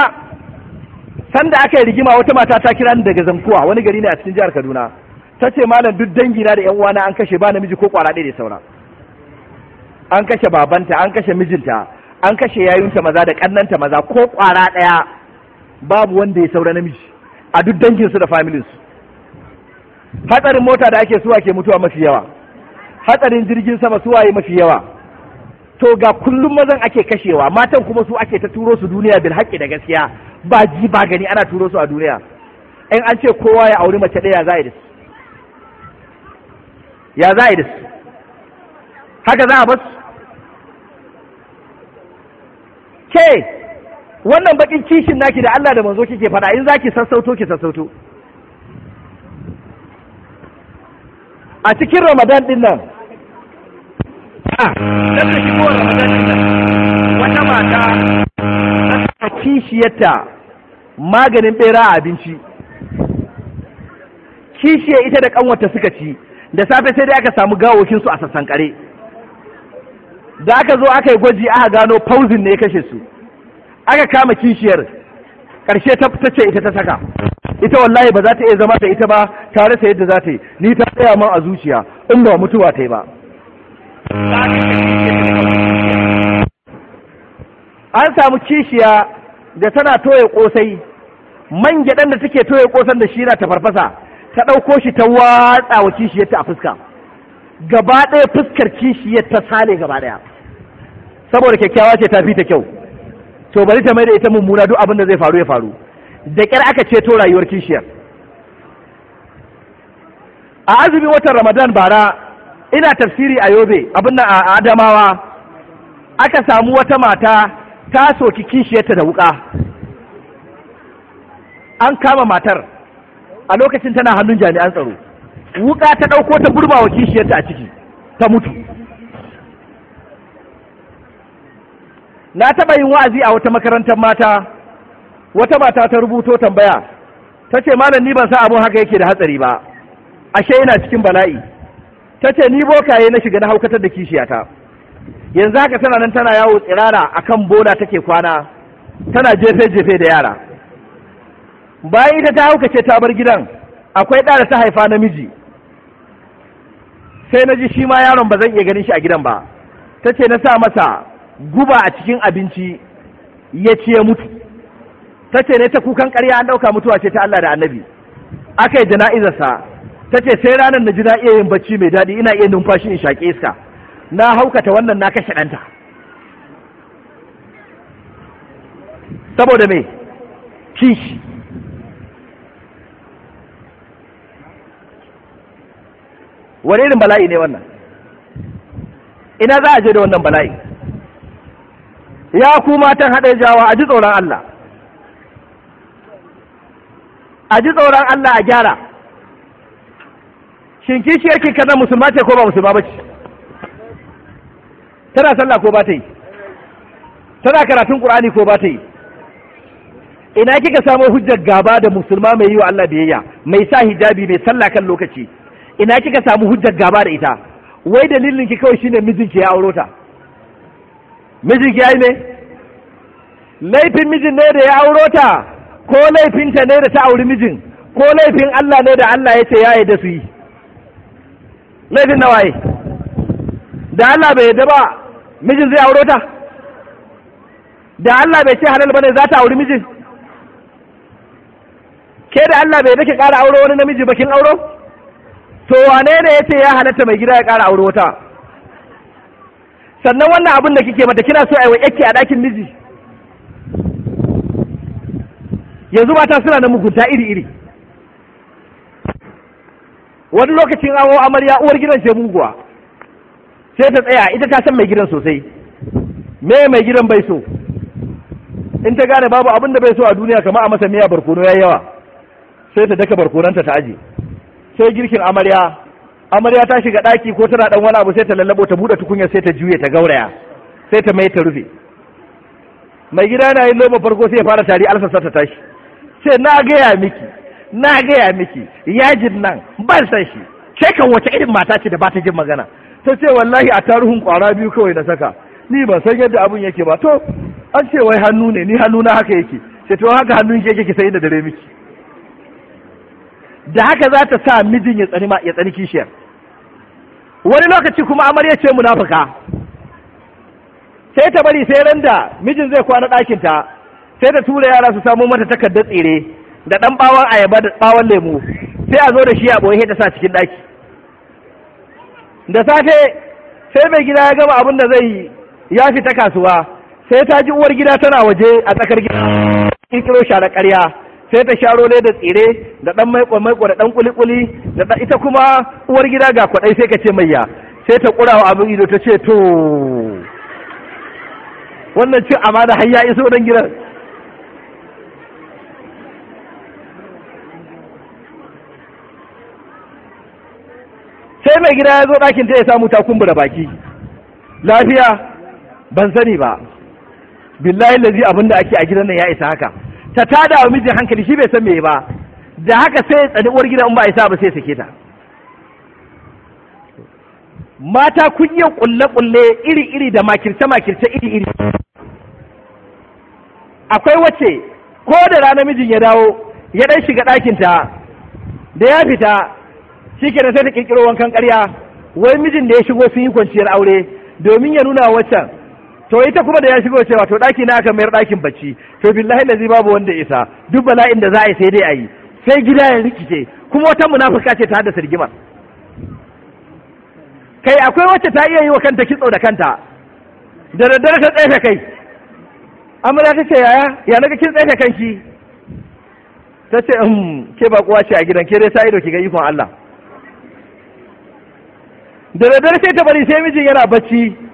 sanda aka yi rigima wata mata ta kira ni daga zamkuwa wani gari ne a cikin jihar kaduna ta ce malam duk dangina da yan uwana an kashe ba namiji ko kwara ɗaya da saura an kashe babanta an kashe mijinta an kashe yayunta maza da kannanta maza ko kwara ɗaya babu wanda ya saura namiji a duk danginsu da familinsu hatsarin mota da ake suwa ke mutuwa mafi yawa hatsarin jirgin sama suwaye mafi yawa to ga kullum mazan ake kashewa matan kuma su ake ta turo su duniya bil haƙƙi da gaskiya ba ji ba gani ana turo su a duniya in an ce kowa ya auri mace ɗaya za a ya za a za a basu ke wannan bakin kishin naki da Allah da manzo kike faɗa in zaki sassauto ki sassauto a cikin ramadan din nan ah. wata mata a kishiyarta maganin bera a abinci kishiyar ita da kanwata suka ci da safe sai dai aka samu gawokinsu a sassan da aka zo aka yi gwaji aka gano fauzin ne ya kashe su aka kama kishiyar Karshe ta ce ita ta saka ita wallahi ba za ta iya zama da ita ba tare rasa yadda za ta yi ni ta tsaya man a zuciya in ba mutuwa ta yi ba an samu kishiya da tana toye kosai man gyaɗan da take toye kosan da shi na ta farfasa ta ɗauko shi ta watsa wa kishiyarta a fuska gaba ɗaya fuskar kishiyar ta sale gaba ɗaya saboda kyakkyawa ce ta fi ta kyau to bari ta mai da ita mummuna duk abin da zai faru ya faru da kyar aka ceto rayuwar kishiyar a azumin watan ramadan bara ina tafsiri a yobe abin a adamawa aka samu wata mata ta soki kishiyarta da wuka an kama matar a lokacin tana hannun jami'an tsaro wuka ta ɗauko ta burba wa kishiyarta a ciki ta mutu na taɓa yin wa'azi a wata makarantar mata wata mata ta rubuto tambaya ta ce malam ni ban sa abin haka yake da hatsari ba ashe yana cikin bala'i ta ce ni bokaye na shiga na haukatar da kishiyata yanzu haka tana nan tana yawo tsirara a kan bola take kwana tana jefe-jefe da yara bayan ita ta haukace ta bar gidan akwai ɗa da ta haifa namiji sai na ji shi ma yaron ba zan iya ganin shi a gidan ba ta ce na sa masa guba a cikin abinci ya ci ya mutu ta ce ne ta kukan karya an ɗauka mutuwa ce ta Allah da annabi aka yi jana'izarsa ta ce sai ranar na ji na iya yin bacci mai daɗi ina iya numfashi in shaƙe iska na haukata wannan na kashe ɗanta saboda me kishi wani irin bala'i ne wannan ina za a je da wannan bala'i ya ku matan haɗe jawa a ji tsoron Allah a ji tsoron Allah a gyara shin kishi yake kaza musulma ce ko ba musulma ba ce tana sallah ko ba ta yi tana karatun qur'ani ko ba ta yi ina kika samo hujjar gaba da musulma mai yi wa Allah biyayya mai sa hijabi mai sallah kan lokaci ina kika samu hujjar gaba da ita wai dalilin ki kawai shine mijinki ya auro ta mijin ya yi ne laifin mijin ne da ya auro ta ko laifinta ne da ta auri mijin ko laifin Allah ne da Allah ya ce ya da su yi laifin na waye da Allah bai yadda ba mijin zai auro ta da Allah bai ce halal bane za ta auri mijin ke da Allah bai dake kara auro wani namiji bakin auro to wane ne ya ce ya halatta mai gida ya kara auro wata sannan wannan abin da kike mata kina so a wa yake a ɗakin miji yanzu mata suna da mugunta iri-iri wani lokacin awo amarya uwar gidan ce muguwa sai ta tsaya ita ta san mai gidan sosai me mai gidan bai so in ta gane babu abin da bai so a duniya kamar a masa miya barkono ya yawa sai ta daka barkonanta ta aje sai girkin amarya amarya ta shiga ɗaki ko tana ɗan wani abu sai ta lallabo ta buɗe tukunya sai ta juye ta gauraya sai ta mai ta rufe mai gida yana yin loma farko sai ya fara tari alsasa ta tashi ce na gaya miki na gaya miki yajin nan ban san shi sai kan wace irin mata ce da ba ta jin magana ta ce wallahi a tarihin kwara biyu kawai na saka ni ba san yadda abun yake ba to an ce wai hannu ne ni hannu na haka yake ce to haka hannun yake ki sai da dare miki da haka za ta sa mijin ya tsani ya tsani kishiyar wani lokaci kuma amarya ce munafuka sai ta bari sai randa mijin zai kwana ɗakin ta sai ta tura yara su samu mata takardar tsire da ɗan ɓawon ayaba da ɓawon lemu sai a zo da shi a ɓoye ta sa cikin ɗaki da safe sai mai gida ya gama abin da zai yi ya fita kasuwa sai ta ji uwar gida tana waje a tsakar gida kiro shara ƙarya sai ta sharo da tsire da dan maiko maiko da dan kulikuli da ita kuma uwar gida ga kwadai sai ka ce mayya sai ta kurawa abin ido ta ce to wannan cin amana har ya iso dan gidan sai mai gida ya zo ɗakin ta ya samu ta kumbura baki lafiya ban sani ba billahi lazi abinda ake a gidan nan ya isa haka ta tada wa mijin hankali shi bai san me ba da haka sai ya tsani uwar gida in ba a isa ba sai sake ta mata kun yi kulle-kulle iri-iri da makirce-makirce iri-iri akwai wace ko da rana mijin ya dawo ya ɗan shiga ɗakinta da ya fita shi ke sai ta kirkiro wankan ƙarya wai mijin da ya shigo sun yi kwanciyar aure domin ya nuna waccan to ita kuma da ya shigo cewa to daki na aka mayar dakin bacci to billahi lazi babu wanda isa duk bala'in da za a yi sai dai a yi sai gida ya rikice kuma wata munafuka ce ta haddasa sirgimar. kai akwai wacce ta iya yi wa kanta kitso da kanta da daddare ta tsaye kai amma ta ce yaya ya naga kin tsaye kanki ta ce um, ke ba kuwa ce a gidan ke dai sa ido ki ga ikon Allah da daddare sai ta bari sai mijin yana bacci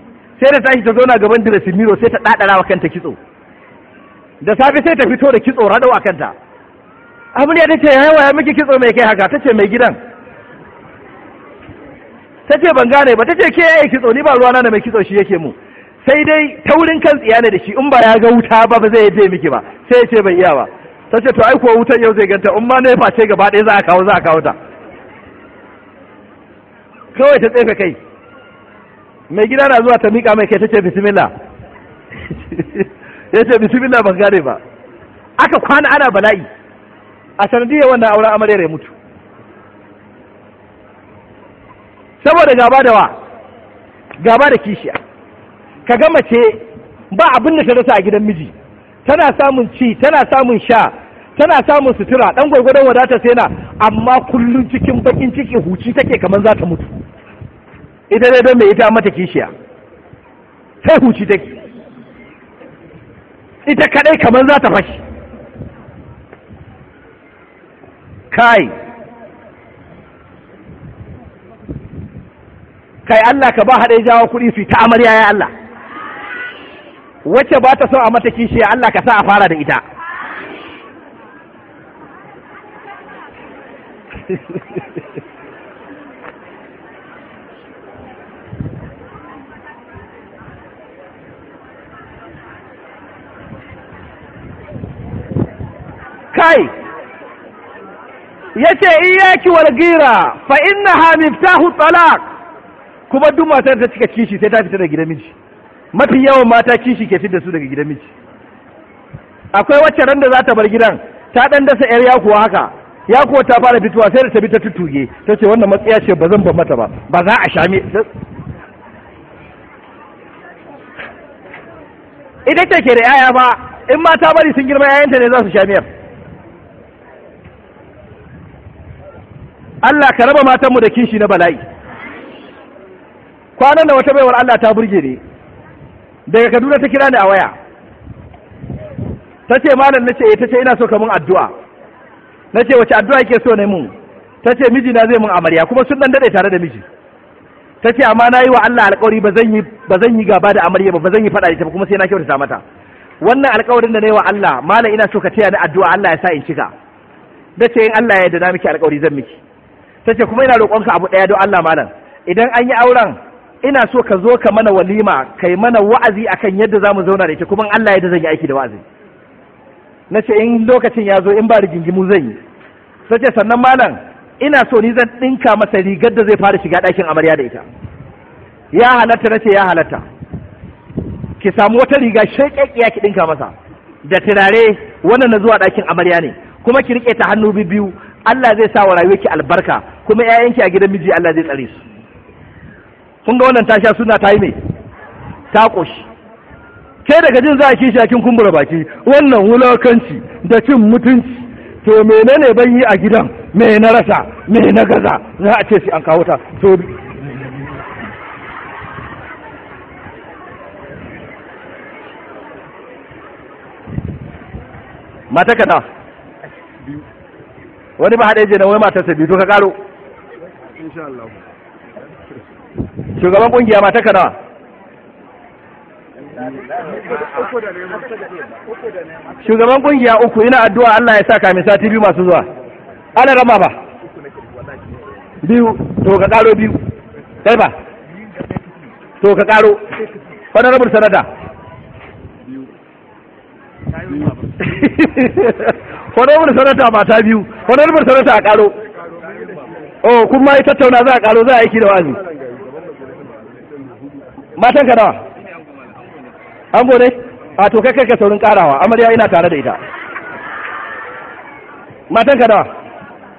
sai da tashi ta na gaban dressing mirror sai ta ɗaɗara wa kanta kitso da safe sai ta fito da kitso raɗau a kanta abin ya tace yawa ya miki kitso mai kai haka tace mai gidan tace ban gane ba tace ke yayi kitso ni ba ruwana da mai kitso shi yake mu sai dai taurin kan tsiya ne da shi in ba ya ga wuta ba ba zai je miki ba sai ya ce bai iya ba tace to ai wutan yau zai ganta in ma ne face gaba ɗaya za a kawo za a kawo ta kawai ta tsefe kai mai gida na zuwa ta miƙa mai kai ta ce bismillah ya ce bismillah ban gane ba aka kwana ana bala'i a sanadiyar wannan auren amaryar ya mutu saboda gaba da wa gaba da kishiya ka gama ce ba abin da ta rasa a gidan miji tana samun ci tana samun sha tana samun sutura ɗan gwargwadon wadatar sai na amma kullum cikin bakin ciki huci take kamar za ta mutu ita dai don mai ita mata kishiya sai huci take ita kadai kamar za ta fashi kai kai Allah ka ba haɗe jawo kuɗi su ta amarya ya Allah wacce ba ta so a mata kishiya Allah ka sa a fara da ita ai yace iyaki wal gira fa innaha miftahu talaq kuma duk matar ta cika kishi sai ta fita daga gidan miji mafi yawan mata kishi ke fita da su daga gidan miji akwai wacce ran da za ta bar gidan ta dan dasa yar yakuwa haka yakuwa ta fara fitowa sai da ta bi ta tutuge ta ce wannan matsaya ce ba zan ban mata ba ba za a shame idan ta ke da yaya ba in mata bari sun girma yayanta ne za su shamiyar. Allah ka raba matanmu da kishi na bala'i kwanan da wata baiwar Allah ta burge ne daga Kaduna ta kira ni a waya ta ce malam na ce eh, ta ce ina so ka mun addu'a na ce wace addu'a ke so ne mun ta ce miji na zai mun amarya kuma sun dan dade tare da miji ta ce amma na yi wa Allah alkawari ba zan yi ba zan yi gaba da amarya ba ba zan yi fada da ita ba kuma sai na kyautata mata wannan alƙawarin da na yi wa Allah malam ina so ka taya ni addu'a Allah ya sa in cika da ce in Allah ya yarda na miki alƙawari zan miki ta ce kuma ina roƙonka abu ɗaya don Allah malam idan an yi auren ina so ka zo ka mana walima kai mana wa'azi akan yadda za mu zauna da ita kuma Allah yadda zan yi aiki da wa'azi na ce in lokacin ya zo in ba rigingimu zan yi ta ce sannan malam ina so ni zan ɗinka masa rigar da zai fara shiga ɗakin amarya da ita ya halatta na ce ya halatta ki samu wata riga shaƙaƙiya ki ɗinka masa da turare wannan na zuwa ɗakin amarya ne kuma ki riƙe ta hannu biyu Allah zai sa wa rayuwarki albarka kuma ƴaƴanki a gidan miji Allah zai tsare su kun ga wannan tasha suna ta yi mai ta ƙoshi ke daga jin za a kishi a kin kumbura baki wannan wulakanci da cin mutunci to menene ban yi a gidan me na rasa me na gaza za a ce su an kawo ta to mata kana wani ba haɗe je na wai matarsa biyu to ka karo insha Allah shugaban kungiya mata ka nawa shugaban kungiya uku ina addu'a Allah ya sa kamin sati biyu masu zuwa ana rama ba biyu to ka karo biyu kai ba to ka karo sanada sanata honorable sanata mata biyu honorable sanata a karo oh kun ma yi tattauna za a karo za a yi da wazi matan ka nawa an gode a to kai ka saurin karawa amarya ina tare da ita matan ka nawa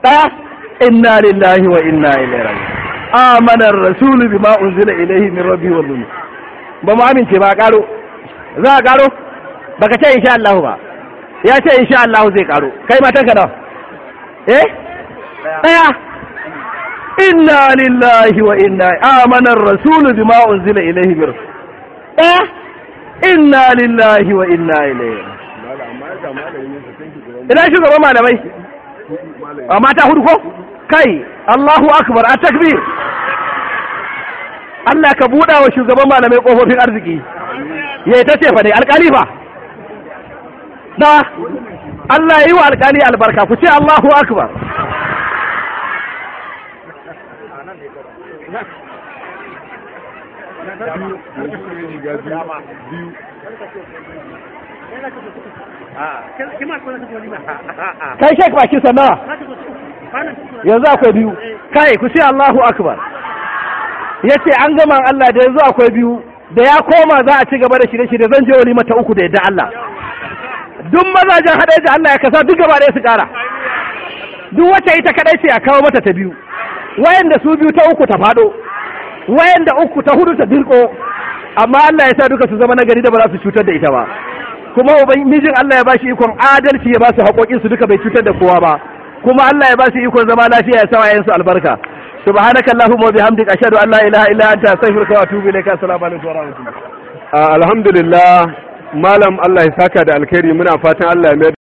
ɗaya inna lillahi wa inna ilaihi amanar amana bi rasul bima unzila ilayhi min rabbi wal mu'min ba mu amince ba karo za a karo baka ce insha Allah ba ya ce insha Allah zai karo kai matan ka nawa eh ɗaya inna lillahi wa inna amana rasulu bima unzila ilayhi bir eh inna lillahi wa inna ilayhi ina shugaban malamai a mata hudu ko kai Allahu akbar a takbir Allah ka buɗa wa shugaban malamai ƙofofin arziki ya yi ta ce fa alƙali fa na Allah yi wa alƙali albarka ku ce Allahu akbar kai shek bakin sana yanzu akwai biyu kai ku ce Allahu akbar yace an gama Allah da yanzu akwai biyu da ya koma za a ci gaba da shirye-shirye zan je wani mata uku da yadda Allah duk mazajen haɗe da Allah ya kasa duk gaba ɗaya su ƙara duk wacce ita kaɗai ce a kawo mata ta biyu wayanda su biyu ta uku ta faɗo wayan da uku ta hudu ta dirko amma Allah ya sa duka su zama nagari da ba za su cutar da ita ba kuma mijin Allah ya bashi ikon adalci ya basu haƙoƙin su duka bai cutar da kowa ba kuma Allah ya bashi ikon zama lafiya ya sawa yansu albarka subhanaka allahumma wa bihamdika ashhadu an la ilaha illa anta astaghfiruka wa atubu ilayka assalamu alaikum wa rahmatullahi ah, alhamdulillah malam Allah ya saka da alkhairi muna fatan Allah ya